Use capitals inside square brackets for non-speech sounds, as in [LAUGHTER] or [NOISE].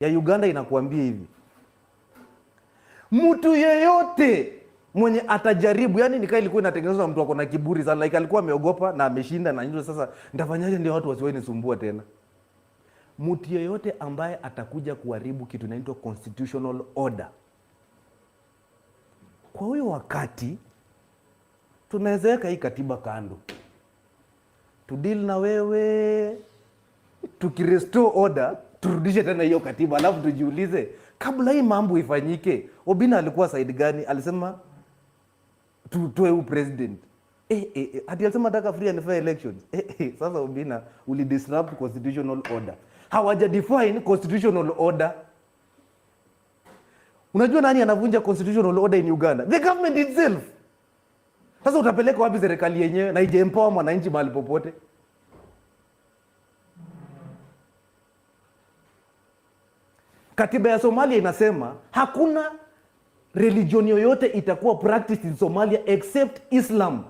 ya Uganda inakuambia hivi, mtu yeyote mwenye atajaribu, yani nika ilikuwa inatengenezwa mtu ako na kiburi sana, like alikuwa ameogopa na ameshinda na ndio sasa nitafanyaje ndio watu nisumbua tena. Mtu yeyote ambaye atakuja kuharibu kitu inaitwa constitutional order, kwa huyo wakati tunaweza weka hii katiba kando, tudili na wewe tukirestore order turudishe tena hiyo katiba, alafu tujiulize kabla hii mambo ifanyike, Obina alikuwa saidi gani? Alisema tutoe u president hati eh, eh, eh, alisema taka free and fair elections [LAUGHS] Sasa Obina uli disrupt constitutional order, hawaja define constitutional order. Unajua nani anavunja constitutional order in Uganda? The government itself. Sasa utapeleka wapi serikali yenyewe na ijeempoa mwananchi mahali popote? Katiba ya Somalia inasema hakuna religion yoyote itakuwa practiced in Somalia except Islam.